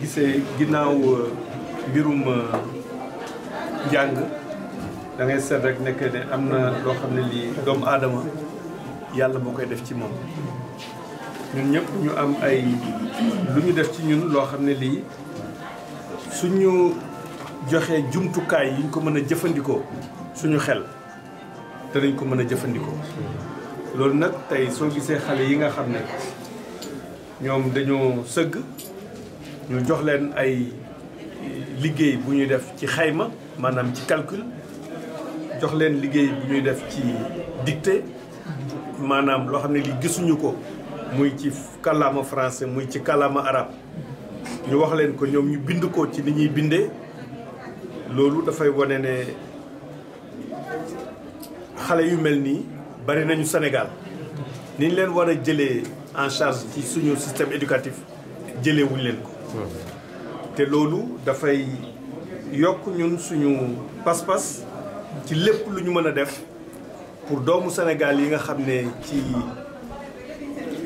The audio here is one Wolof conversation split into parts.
gisee ginnaaw euh, mbirum euh, njàng da ngay seet rek nekk ne am na loo xam ne lii doomu aadama yàlla moo koy def ci moom ñun ñëpp ñu am ay lu ñu def ci ñun loo xam ne lii ñu joxee jumtukaay yi ñu ko mën a jëfandikoo suñu xel danañ ko mën a jëfandikoo loolu nag tey soo gisee xale yi nga xam ne ñoom dañoo sëgg ñu jox leen ay liggéey bu ñuy def ci xayma maanaam ci calcul jox leen liggéey bu ñuy def ci dictée maanaam loo xam ne li gisuñu ko muy ci kàllaama français muy ci kàllaama arab ñu wax leen ko ñoom ñu bind ko ci ni ñuy bindee loolu dafay wane ne xale yu mel nii bari nañu Sénégal ni ñu leen war a jëlee en charge ci suñu système éducatif jëlee leen ko te loolu dafay yokk ñun suñu pas-pas ci lépp lu ñu mën a def pour doomu Sénégal yi nga xam ne ci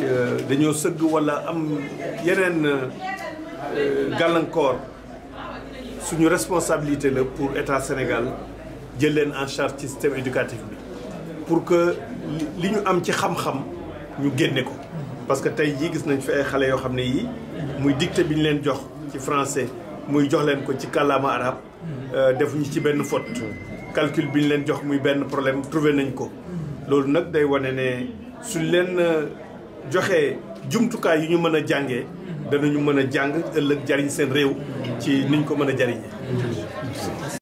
euh, dañoo sëgg walla am yeneen euh, gàllankoor suñu responsabilité la pour état Sénégal jël leen en charge ci système éducatif bi pour que li ñu am ci xam-xam ñu génne ko parce que tey jii gis nañ fi ay xale yoo xam ne yii muy dicté bi ñu leen jox ci français muy jox leen ko ci kàllaama arab euh, defuñu ci benn faute calcul bi ñu leen jox muy benn problème trouver nañ ko loolu nag day wane ne suñ leen euh, joxee jumtukaay yu ñu mën a jàngee danañu mën a jàng ëllëg jariñ seen réew ci niñ ko mën a jariñee